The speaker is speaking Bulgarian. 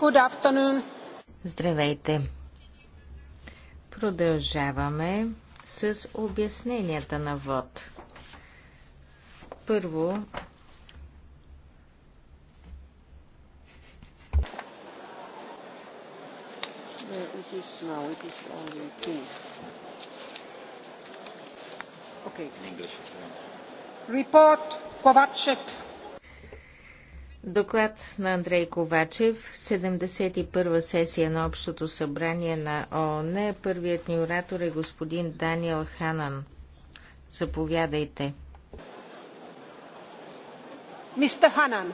Good afternoon. Здравейте! Продължаваме с обясненията на ВОД. Първо Репорт Ковачек Доклад на Андрей Ковачев, 71-а сесия на Общото събрание на ООН. Първият ни оратор е господин Даниел Ханан. Заповядайте. Мистер Ханан.